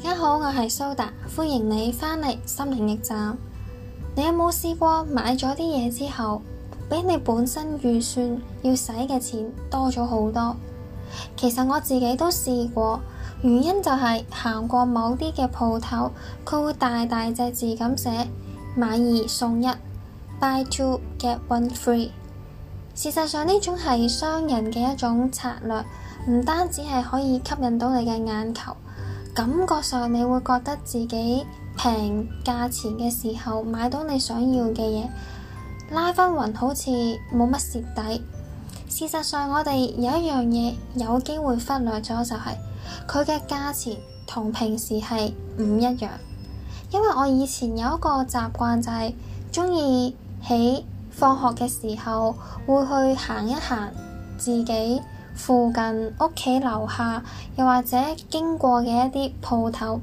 大家好，我係蘇達，歡迎你返嚟心靈驛站。你有冇試過買咗啲嘢之後，比你本身預算要使嘅錢多咗好多？其實我自己都試過，原因就係、是、行過某啲嘅鋪頭，佢會大大隻字咁寫買二送一，buy two get one free。事實上呢種係商人嘅一種策略，唔單止係可以吸引到你嘅眼球。感覺上你會覺得自己平價錢嘅時候買到你想要嘅嘢，拉翻勻好似冇乜蝕底。事實上我哋有一樣嘢有機會忽略咗，就係佢嘅價錢同平時係唔一樣。因為我以前有一個習慣，就係鍾意喺放學嘅時候會去行一行自己。附近屋企樓下，又或者經過嘅一啲鋪頭，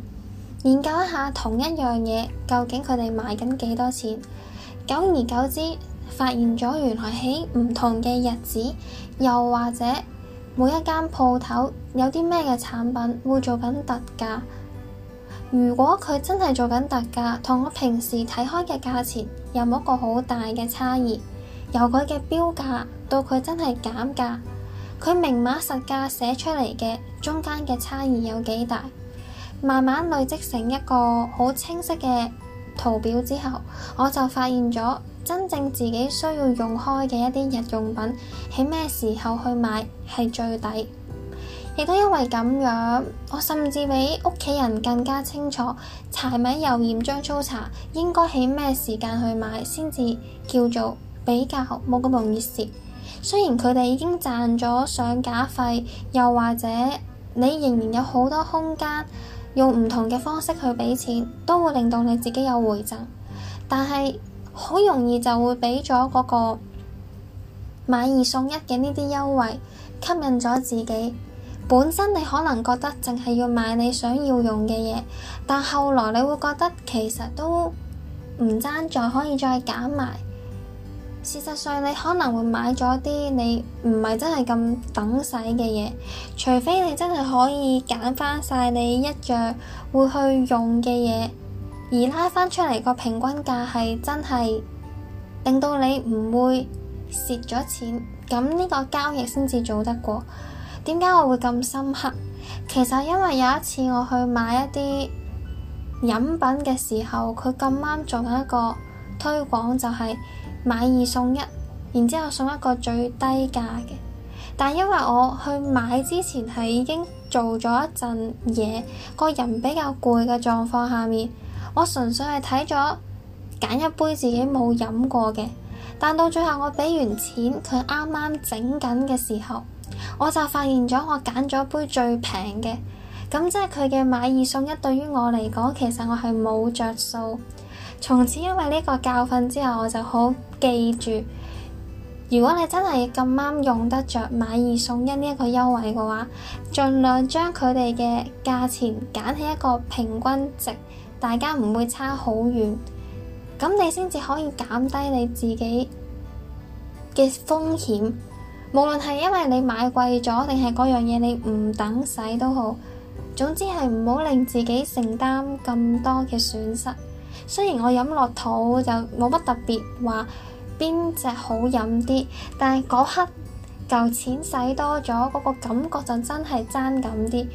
研究一下同一樣嘢究竟佢哋賣緊幾多錢。久而久之，發現咗原來喺唔同嘅日子，又或者每一間鋪頭有啲咩嘅產品會做緊特價。如果佢真係做緊特價，同我平時睇開嘅價錢有冇一個好大嘅差異？由佢嘅標價到佢真係減價。佢明碼實價寫出嚟嘅，中間嘅差異有幾大，慢慢累積成一個好清晰嘅圖表之後，我就發現咗真正自己需要用開嘅一啲日用品，喺咩時候去買係最抵。亦都因為咁樣，我甚至比屋企人更加清楚柴米油鹽醬醋茶應該喺咩時間去買，先至叫做比較冇咁容易蝕。雖然佢哋已經賺咗上架費，又或者你仍然有好多空間，用唔同嘅方式去畀錢，都會令到你自己有回贈，但係好容易就會畀咗嗰個買二送一嘅呢啲優惠吸引咗自己。本身你可能覺得淨係要買你想要用嘅嘢，但後來你會覺得其實都唔爭在，可以再減埋。事實上，你可能會買咗啲你唔係真係咁等使嘅嘢，除非你真係可以揀翻晒你一樣會去用嘅嘢，而拉翻出嚟個平均價係真係令到你唔會蝕咗錢，咁呢個交易先至做得過。點解我會咁深刻？其實因為有一次我去買一啲飲品嘅時候，佢咁啱做緊一個推廣，就係，就係，買二送一，然之後送一個最低價嘅。但因為我去買之前係已經做咗一陣嘢，個人比較攰嘅狀況下面，我純粹係睇咗揀一杯自己冇飲過嘅。但到最後我俾完錢，佢啱啱整緊嘅時候，我就發現咗我揀咗杯最平嘅。咁即係佢嘅買二送一對於我嚟講，其實我係冇着數。從此，因為呢個教訓之後，我就好記住。如果你真係咁啱用得着買二送一呢一個優惠嘅話，盡量將佢哋嘅價錢揀起一個平均值，大家唔會差好遠。咁你先至可以減低你自己嘅風險。無論係因為你買貴咗，定係嗰樣嘢你唔等使都好，總之係唔好令自己承擔咁多嘅損失。雖然我飲落肚就冇乜特別，話邊隻好飲啲，但係嗰刻嚿錢使多咗，嗰個感覺就真係爭咁啲。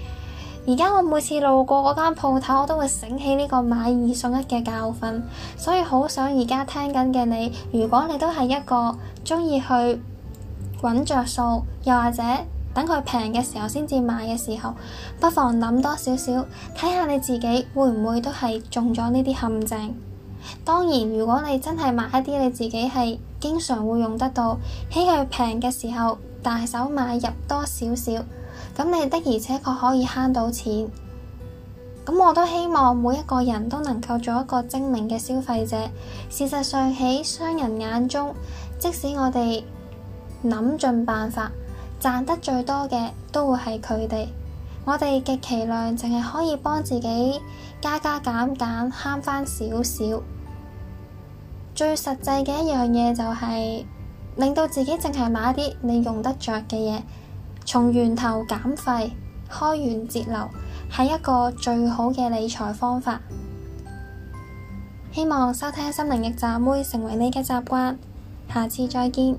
而家我每次路過嗰間鋪頭，我都會醒起呢個買二送一嘅教訓，所以好想而家聽緊嘅你，如果你都係一個鍾意去揾着數，又或者，等佢平嘅時候先至買嘅時候，不妨諗多少少，睇下你自己會唔會都係中咗呢啲陷阱。當然，如果你真係買一啲你自己係經常會用得到，喺佢平嘅時候大手買入多少少，咁你的而且確可以慳到錢。咁我都希望每一個人都能夠做一個精明嘅消費者。事實上喺商人眼中，即使我哋諗盡辦法。賺得最多嘅都會係佢哋，我哋極其量淨係可以幫自己加加減減慳翻少少。最實際嘅一樣嘢就係、是、令到自己淨係買啲你用得着嘅嘢，從源頭減費、開源節流，係一個最好嘅理財方法。希望收聽心靈驛站會成為你嘅習慣，下次再見。